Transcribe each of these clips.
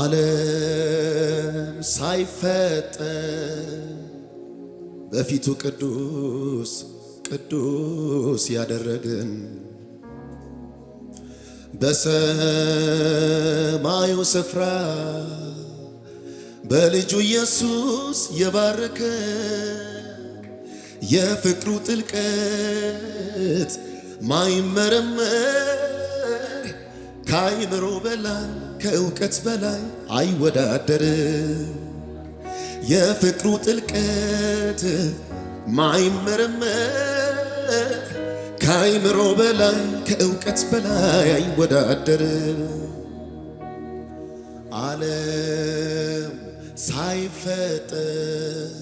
ዓለም ሳይፈጠር በፊቱ ቅዱስ ቅዱስ ያደረግን በሰማዩ ስፍራ በልጁ ኢየሱስ የባረከ የፍቅሩ ጥልቀት ማይመረመር ከአይምሮ በላይ ከእውቀት በላይ አይወዳደርም። የፍቅሩ ጥልቀት ማይመረመር ከአይምሮ በላይ ከእውቀት በላይ አይወዳደርም። ዓለም ሳይፈጠር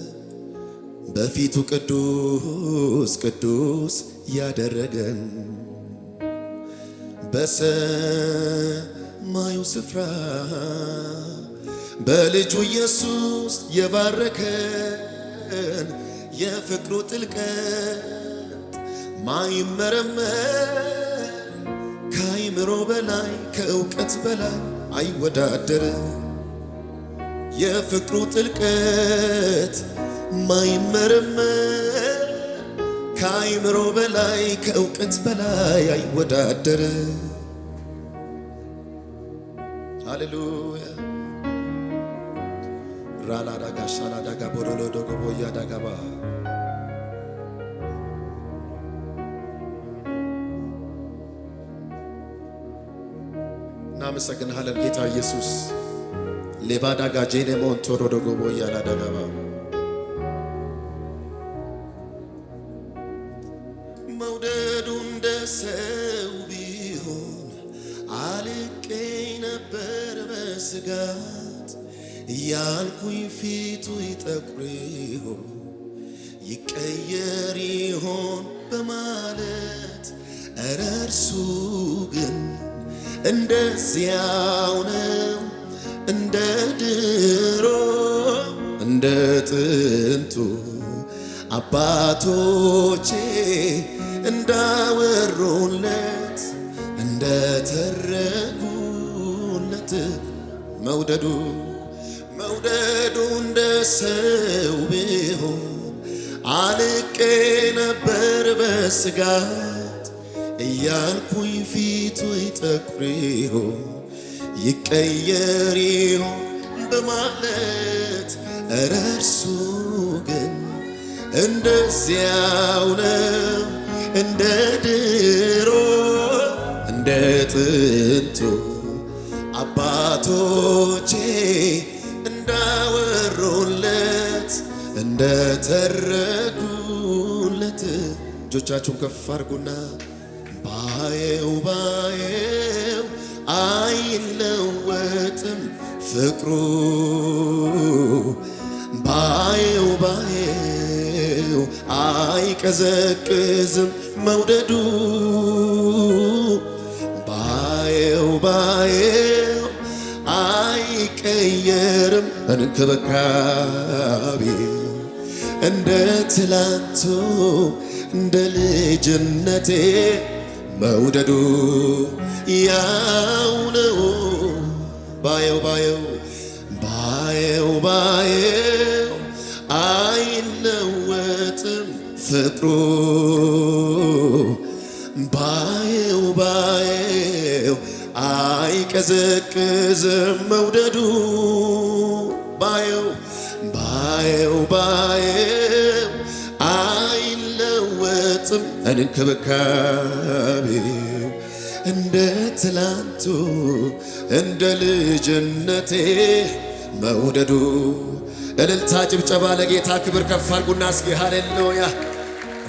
በፊቱ ቅዱስ ቅዱስ ያደረገን በሰ ማየው ስፍራ በልጁ ኢየሱስ የባረከን የፍቅሩ ጥልቀት ማይመረመር ከአይምሮ በላይ ከእውቀት በላይ አይወዳደርም። የፍቅሩ ጥልቀት ማይመረመር ከአይምሮ በላይ ከእውቀት በላይ አይወዳደርም። ሃሌሉያ ራላዳጋ ሻላዳጋ ቦሎሎ ዶጎቦ እያዳጋባ እናመሰግንሃለን ጌታ ኢየሱስ ሌባዳጋ ጄኔሞን ቶሮ ዶጎቦ እያላዳጋባ አባቶቼ እንዳወሩለት እንደተረጉለት መውደዱ መውደዱ እንደ ሰው ቢሆን አልቄ ነበር በስጋት እያልኩኝ ፊቱ ይጠቁር ይሆን ይቀየር ይሆን በማለት እረ እንደዚያው ነው እንደ ድሮ እንደ ጥንቱ አባቶቼ እንዳወሩለት እንደተረኩለት እጆቻችሁን ከፍ አድርጉና ባየው ባየው አይለወጥም ፍቅሩ ባየው ባየው አይቀዘቅዝም መውደዱ ባየው ባየው አይቀየርም እንክብካቤ እንደ ትላንቱ እንደ ልጅነቴ መውደዱ ያው ነው። ባየው ባየው ባየው ባየው አይነው ተፈጥሮ ባየው ባየው አይቀዘቅዝም መውደዱ ባየው ባየው ባየው አይለወጥም እንክብካቤው እንደ ትላንቱ እንደ ልጅነቴ መውደዱ እልልታ ጭብጨባ ለጌታ ክብር ከፍ አድርጉና እስኪ ሃሌሉያ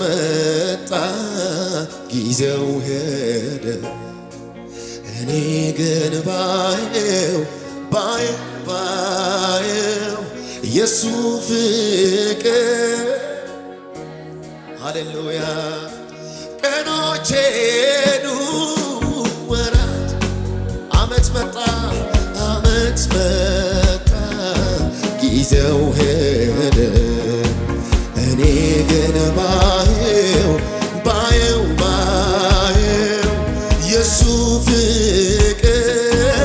መቅደስ ጊዜው ሄደ እኔ ግን ባየው ባየው ባየው የሱ ፍቅር ሃሌሉያ ወራት አመት መጣ አመት መጣ ጊዜው ሄደ የሱ ፍቅር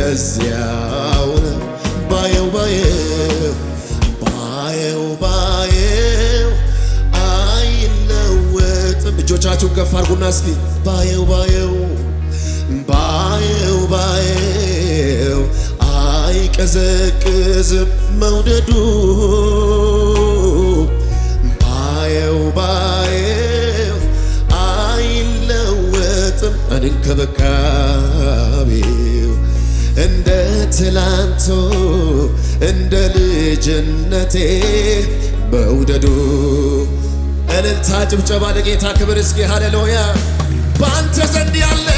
እዚያው ነው። ባየው ባየው ባየው ባየው አይለወጥም። እጆቻችሁን ከፍ አድርጉና እስኪ ባየው ባየው ባየው ባየው አይቀዘቅዝም መውደዱ እንክብካቤው እንደ ትላንቱ እንደ ልጅነቴ በውደዱ እልልታ፣ ጭብጨባ ለጌታ ክብር እስኪ ሃሌሉያ። በአንተ ዘንድ ያለ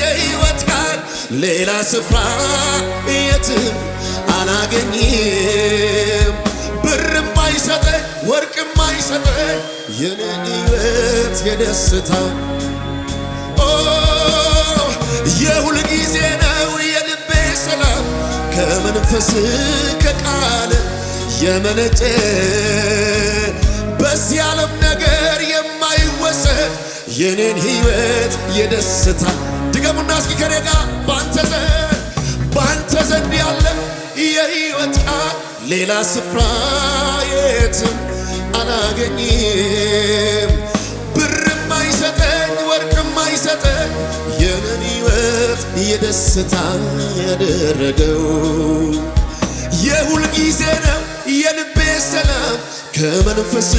የህይወት ቃል ሌላ ስፍራ የትም አላገኝም። ብርም አይሰጠኝ ወርቅም አይሰጠኝ የኔ ሕይወት የደስታ የሁል ጊዜ ነው የልቤ ሰላም ከመንፈስ ከቃል የመነጨ በዚህ ዓለም ነገር የማይወሰድ የኔን ሕይወት የደስታ ድገሙና እስኪ ከኔ ጋር ባንተ ዘንድ ባንተ ዘንድ ያለ የሕይወት ቃል ሌላ ስፍራ የትም አላገኝም። ብርም አይሰጠኝ፣ ወርቅም አይሰጠኝ የኔን ሕይወት የደስታ ያደረገው የሁል ጊዜ ነው የልቤ ሰላም ከመንፈስ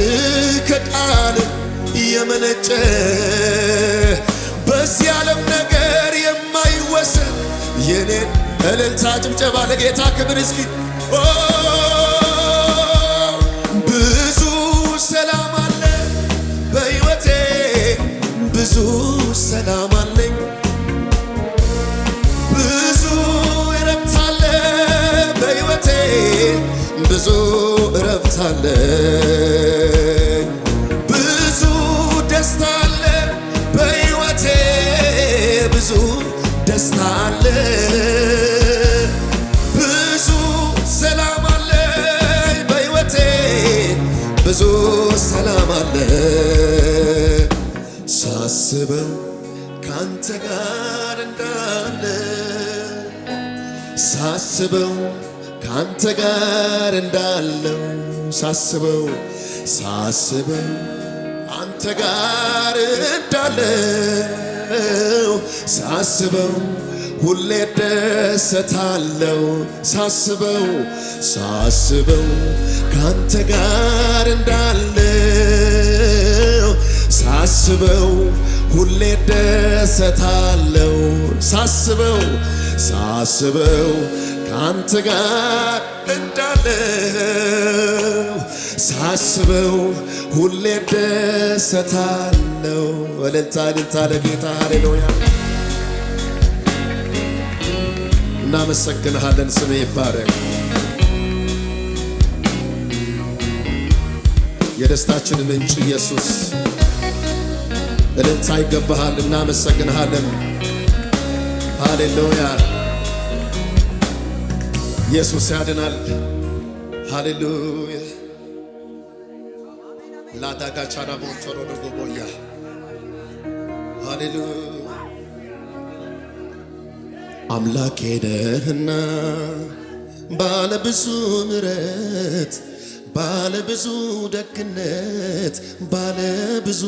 ከቃል የመነጨ በዚህ ዓለም ነገር የማይወሰን የኔን እልልታ ጭብጨባ ለጌታ ክብር እስኪ ብዙ ሰላም አለ በሕይወቴ ብዙ ሰላም አለ ደስታለኝ ብዙ ደስታለ በሕይወቴ ብዙ ደስታለ ብዙ ሰላም አለኝ በሕይወቴ ብዙ ሰላም አለ ሳስበው ካንተ ጋር እንዳለ ሳስበው ካንተ ጋር እንዳለው ሳስበው ሳስበው አንተ ጋር እንዳለ ሳስበው ሁሌ ደሰታለው ሳስበው ሳስበው ካንተ ጋር እንዳለው ሳስበው ሁሌ ደሰታለው ሳስበው ሳስበው ካንተ ጋር እንዳለው ሳስበው ሁሌ ደሰታለው። እልልታ እልልታ ለጌታ ሃሌሉያ። እናመሰግንሃለን፣ ስሜ ይባረክ። የደስታችን ምንጭ ኢየሱስ እልልታ ይገባሃል። እናመሰግንሃለን፣ ሃሌሉያ። ኢየሱስ ያድናል፣ ሃሌሉያ ላዳጋቻና ሞንቶሮ ንጎቦያ ሃሌሉ አምላኬ ነህና ባለ ብዙ ምረት ባለ ብዙ ደግነት ባለ ብዙ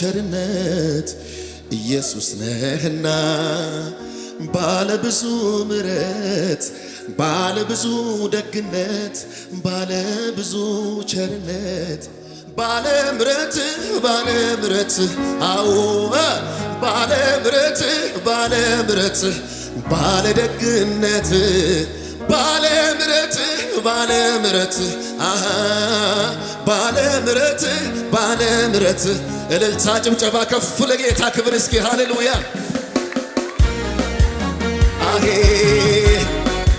ቸርነት ኢየሱስ ነህና ባለ ብዙ ምረት ባለ ብዙ ደግነት ባለ ብዙ ቸርነት ባለምረት ባለምረት አዎ ባለምረት ባለምረት ባለደግነት ባለምረት ባለምረት አሃ ባለምረት ባለምረት እልልታ ጭብጨባ ከፍ ለጌታ ክብር እስኪ ሃሌሉያ አሄ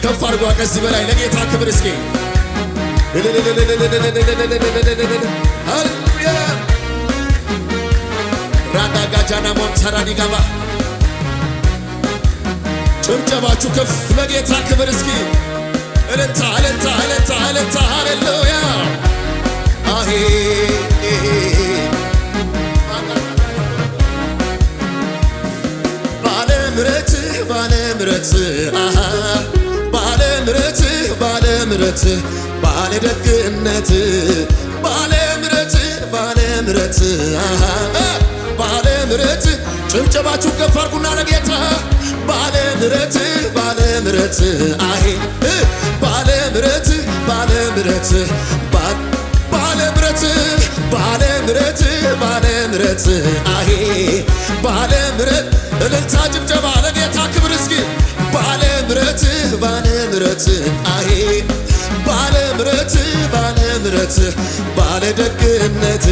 ከፍ አድርጓ ከዚህ በላይ ለጌታ ክብር እስኪ ሃሌሉያ ራዳ ጋጃና ሞንሰራ ዲጋባ ጭብጨባችሁ ከፍ ለጌታ ክብር እስኪ እልልታ እልልታ እልልታ እልልታ ሃሌሉያ አሄ ባለምረት ባለምረት ባለምረት ባለምረት ባለ ደግነት ባለ ምረት ባለ ምረት ባለ ምረት ጭብጨባችሁ ከፍ አድርጉና ለጌታ ባለ ምረት ባለ ምረት አይ ባለ ምረት ባለ ምረት ባለ ምረት ባለ ምረት ባለ ምረት አይ ባለ ምረት እልልታ ጭብጨባ ለጌታ ክብር እስኪ ባለ ምረት ባለ ምረት አይ ምረት ባለ ምረት ባለ ደግነት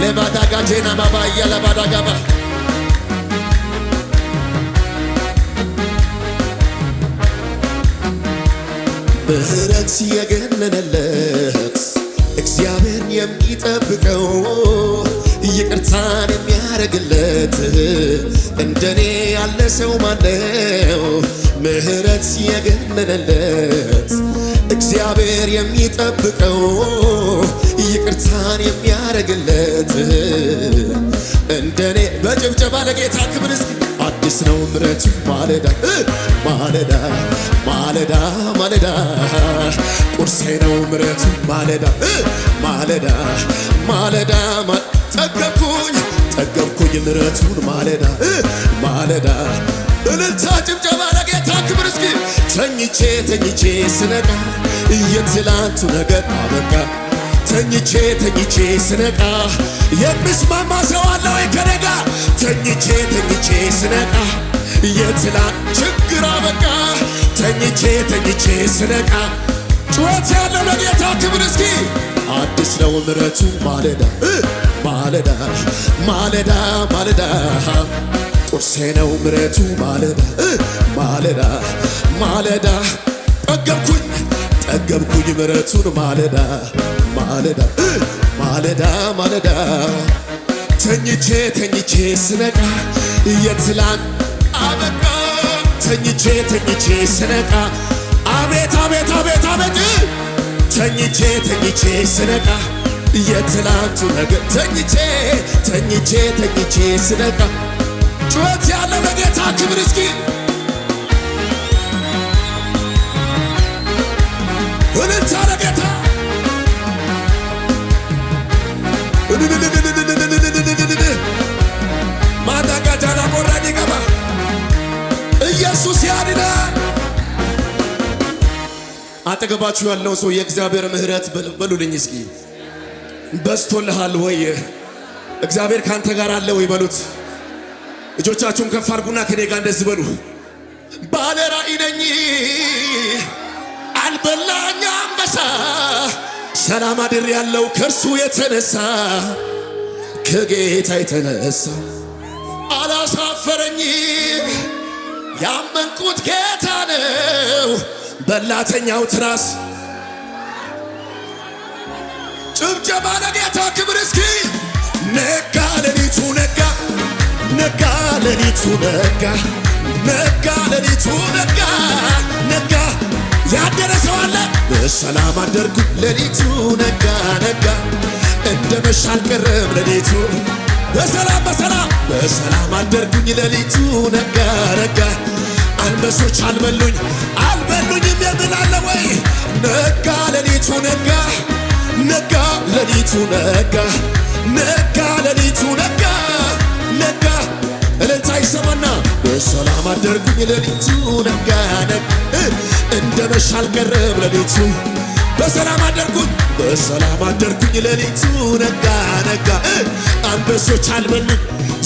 ለማዳጋ ጄና ማባ እያለ ማዳጋባ ምሕረት የገነነለት እግዚአብሔር የሚጠብቀው ይቅርታን የሚያደርግለት እንደኔ ያለ ሰው ማነው? ምህረት የገነነለት እግዚአብሔር የሚጠብቀው ይቅርታን የሚያደርግለት እንደኔ በጭብጨባ ለጌታ ክብር አዲስ ነው ምሕረቱ ማለዳ ማለዳ ማለዳ ማለዳ ቁርሴ ነው ምሕረቱ ማለዳ ማለዳ ማለዳ ጠገብኩኝ ጠገብኩኝ ምሕረቱን ማለዳ ማለዳ እልልታ ጭብጨባ ለጌታ ክብር እስኪ ተኝቼ ተኝቼ ስነቃ የትላንቱ ነገር አበቃ። ተኝቼ ተኝቼ ስነቃ የሚስማማ ሰው አለ ወይ ከኔ ጋር? ተኝቼ ተኝቼ ስነቃ የትላንት ችግር አበቃ። ተኝቼ ተኝቼ ስነቃ ጩኸት ያለው ለጌታ ክብር እስኪ አዲስ ነው ምረቱ ማለዳ ማለዳ ማለዳ ማለዳ ቁርሴ ነው ምረቱ ማለዳ ማለዳ ማለዳ ጠገብኩኝ ጠገብኩኝ ምረቱን ማለዳ ማለዳ ማለዳ ማለዳ ተኝቼ ተኝቼ ስነቃ የትላንት አበቃ ተኝቼ ተኝቼ ስነቃ አቤት አቤት አቤት አቤት ተኝቼ ተኝቼ ስነቃ የትላንቱ ነገር ተኝቼ ተኝቼ ተኝቼ ስነቃ ጩኸት ያለ በጌታ ክብር እስኪ እልልታ ለጌታ ማዳጋጃና ቆራድ ይገባ ኢየሱስ ያድናል። አጠገባችሁ ያለው ሰው የእግዚአብሔር ምሕረት በሉልኝ እስኪ በስቶልሃል ወይ? እግዚአብሔር ካንተ ጋር አለ ወይ በሉት። እጆቻችሁን ከፍ አድርጉና ከኔ ጋር እንደዚህ በሉ። ባለ ራእይ ነኝ አልበላኝ አንበሳ ሰላም አድር ያለው ከእርሱ የተነሳ ከጌታ የተነሳ አላሳፈረኝ ያመንኩት ጌታ ነው። በላተኛው ትራስ ጭብጨባ ለጌታ ክብር እስኪ ነጋ ሌሊቱ ነጋ ነጋ ለሊቱ ነጋ ነጋ ለሊቱ ነጋ ነጋ ያደረ ሰው አለ በሰላም አደርኩ ለሊቱ ነጋ ነጋ እንደ መሻ አልቀረም ለሊቱ በሰላም በሰላም በሰላም አደርኩኝ ለሊቱ ነጋ ነጋ አንበሶች አልበሉኝ አልበሉኝም የምላለ ወይ ነጋ ለሊቱ ነጋ ነጋ ለሊቱ ነጋ ነጋ ለሊቱ ነጋ ነጋ እልልታ ይሰማና በሰላም አደርጉኝ ሌሊቱ ነጋ ነግ እንደ መሻል ቀረብ ሌሊቱ በሰላም አደርጉኝ በሰላም አደርጉኝ ሌሊቱ ነጋ ነጋ አንበሶች አልበሉ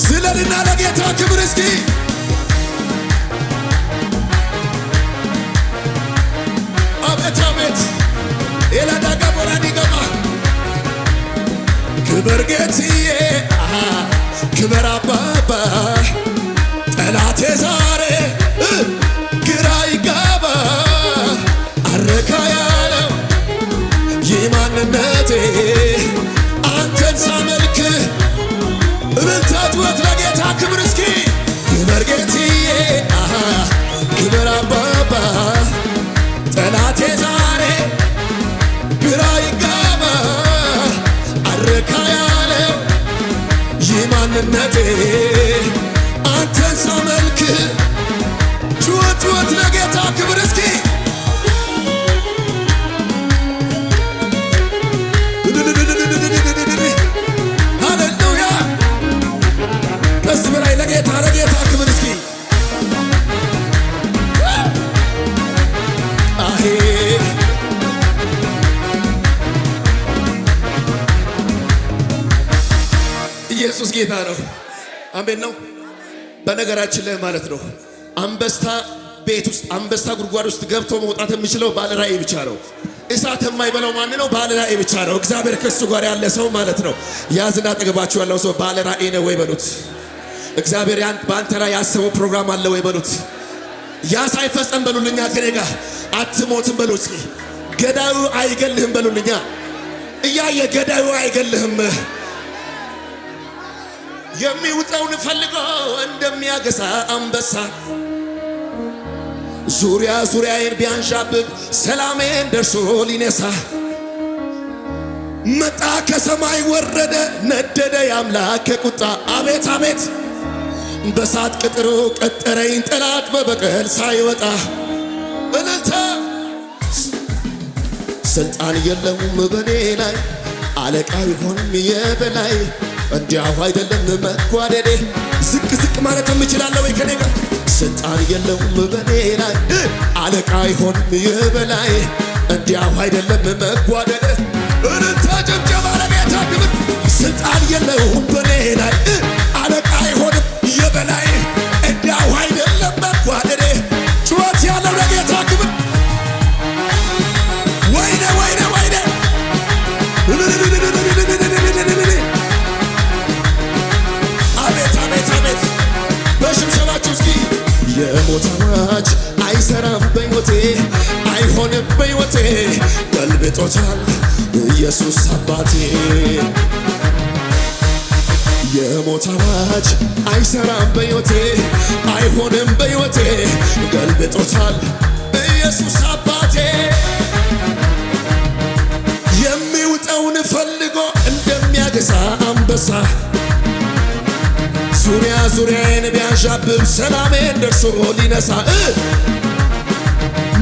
ዝለልና ለጌታ ክብር እስኪ አቤት አቤት የላዳጋ ቦራን ይገባ ክብር ጌትዬ Tiver a paz አሜን ነው። በነገራችን ላይ ማለት ነው አንበሳ ቤት ውስጥ አንበሳ ጉድጓድ ውስጥ ገብቶ መውጣት የሚችለው ባለ ራእይ ብቻ ነው። እሳት የማይበላው ማን ነው? ባለ ራእይ ብቻ ነው። እግዚአብሔር ከሱ ጋር ያለ ሰው ማለት ነው። ያዝና አጠገባችሁ ያለው ሰው ባለ ራእይ ነው ወይ በሉት። እግዚአብሔር በአንተ ላይ ያሰበው ፕሮግራም አለ ወይ በሉት። ያ ሳይፈጸም በሉልኛ ከኔ ጋር አትሞትም በሉት። ገዳዩ አይገልህም በሉልኛ እያየ ገዳዩ አይገልህም የሚውጠውን ፈልጎ እንደሚያገሳ አንበሳ ዙሪያ ዙሪያዬን ቢያንዣብብ ሰላሜን ደርሶ ሊነሳ መጣ ከሰማይ ወረደ ነደደ የአምላክ ቁጣ አቤት አቤት በሳት ቅጥሩ ቀጠረኝ ጠላት በበቀል ሳይወጣ እልልታ ስልጣን የለውም በኔ ላይ አለቃ ይሆንም የበላይ እንዲያው አይደለም መጓደዴ ዝቅ ዝቅ ማለት የምችላለሁ ወይ ከኔ ጋር ስልጣን የለውም በኔ ላይ አለቃ አይሆንም የበላይ እንዲያው አይደለም መጓደዴ አንበሳ ዙሪያ ዙሪያዬን ቢያንዣብብ ሰላሜን ደርሶ ሊነሳ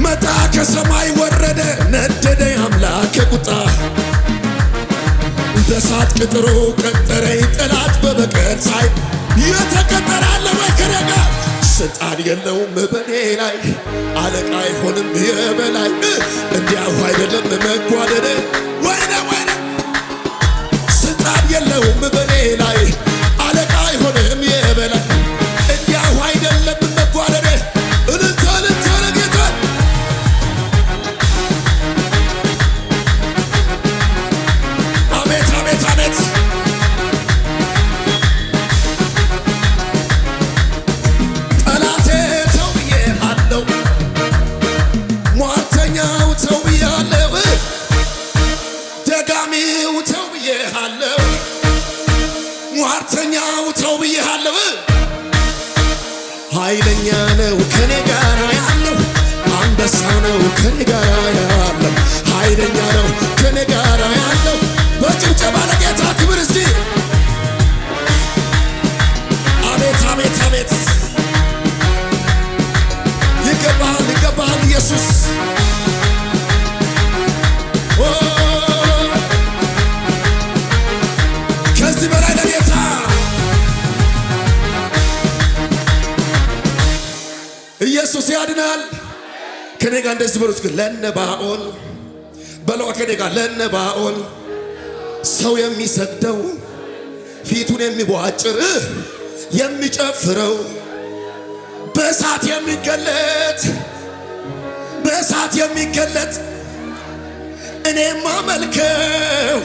መጣ ከሰማይ ወረደ ነደደ አምላክ ቁጣ በሳት ቅጥሩ ቀጠረኝ ጠላት በበቀል ሳይ የተቀጠራለ መከረጋ ስልጣን የለውም በኔ ላይ አለቃ አይሆንም የበላይ እንዲያው አይደለም መጓደደ ሰላም የለውም በኔ ላይ ኢየሱስ ያድናል። ከኔ ጋር እንደዚህ በሉት ግን ለነ በለዋ ከኔ ጋር ለነ ሰው የሚሰግደው ፊቱን የሚቧጭር የሚጨፍረው በእሳት የሚገለጥ በእሳት የሚገለጥ እኔም አመልከው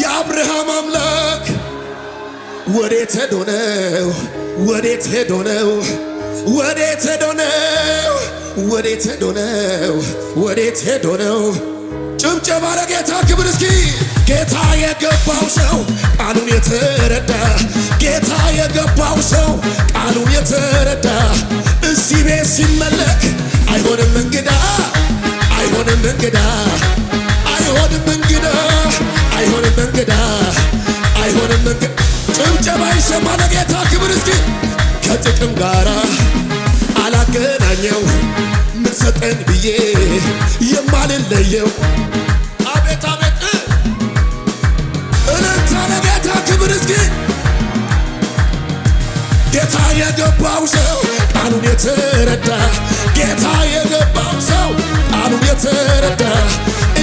የአብርሃም አምላክ ወዴት ሄዶ ነው? ወዴት ሄዶ ነው? ወዴት ሄዶ ነው? ወዴት ሄዶ ነው? ወዴት ሄዶ ነው? ጭብጨባ ለጌታ ክብር እስኪ። ጌታ የገባው ሰው ቃሉን የተረዳ ጌታ የገባው ሰው ቃሉን የተረዳ እዚህ ቤት ሲመለክ አይሆንም እንግዳ አይሆንም እንግዳ አይሆንም እንግዳ አይሆንም እንግዳ አይሆንም እንግዳ ጭብጨባ ይሰማ ለጌታ ክብር እስኪ ከጥቅም ጋር የማገኘው ምን ሰጠን ብዬ የማልለየው አቤት አቤት እልልታ ለጌታ ክብር እስኪ ጌታ የገባው ሰው ቃሉን የተረዳ ጌታ የገባው ሰው ቃሉን የተረዳ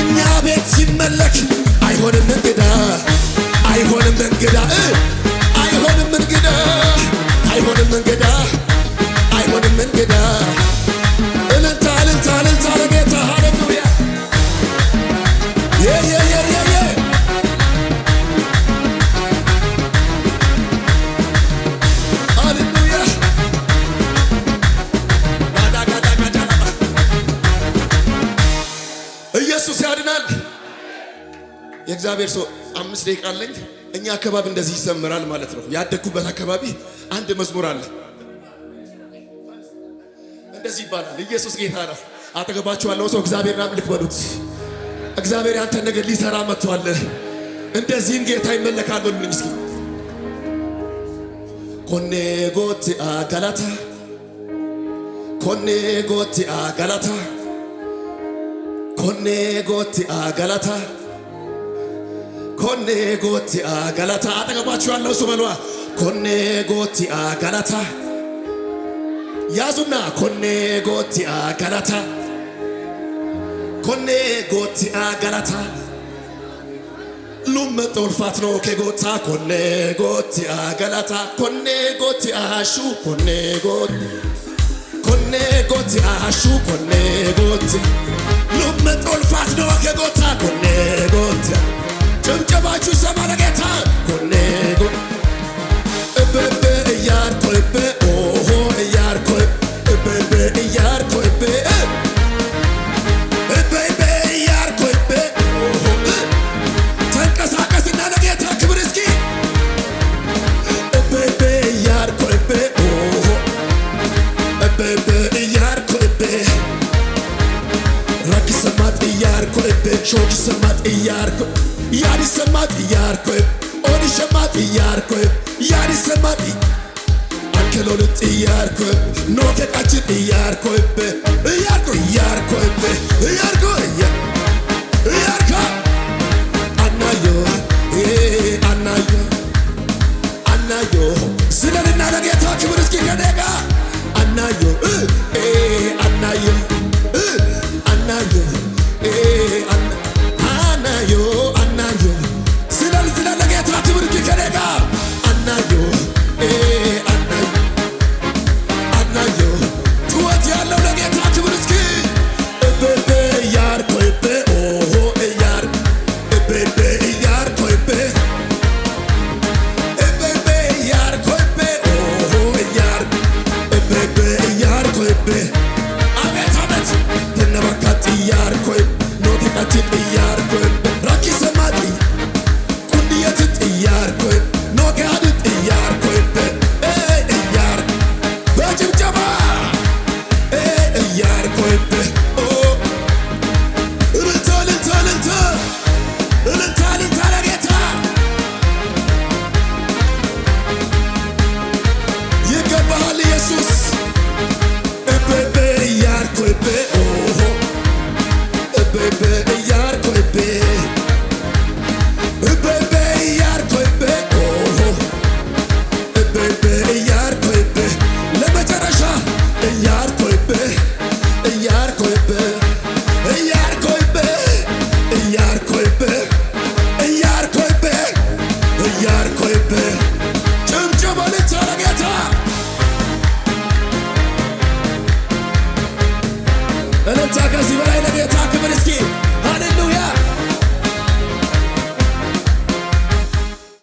እኛ ቤት ሲመለክ አይሆንም እንግዳ አይሆንም እንግዳ አምስት ደቂቃ አለኝ። እኛ አካባቢ እንደዚህ ይዘምራል ማለት ነው። ያደግኩበት አካባቢ አንድ መዝሙር አለ እንደዚህ ይባላል። ኢየሱስ ጌታ ነው። አጠገባችሁ ያለው ሰው እግዚአብሔርን አምልክ በሉት። እግዚአብሔር ያንተ ነገር ሊሰራ መጥቷል። እንደዚህም ጌታ ይመለካል በሉልኝ እስኪ ኮኔ ጎቲ አጋላታ ኮኔ አጋላታ ኮኔ አጋላታ ኮኔ ጎቲአ ገለታ አጠገባችሁ ያለው እሱ በሏ። ኮኔ ጎቲአ ገለታ ያዙና፣ ኮኔ ጎቲአ ገለታ፣ ኮኔ ጎቲአ ገለታ ሉመጠ ውልፋት ነው ኬጎታ ኮኔ ጎቲአ ገለታ ኮኔ ጎቲአ ሹ ኮኔ ጎቲአ ሹ ኮኔ ጎቲ ሉመጠ ውልፋት ነው ኬጎታ ኮኔ ጎቲአ ጭብጭባችሁ ይሰማል ጌታ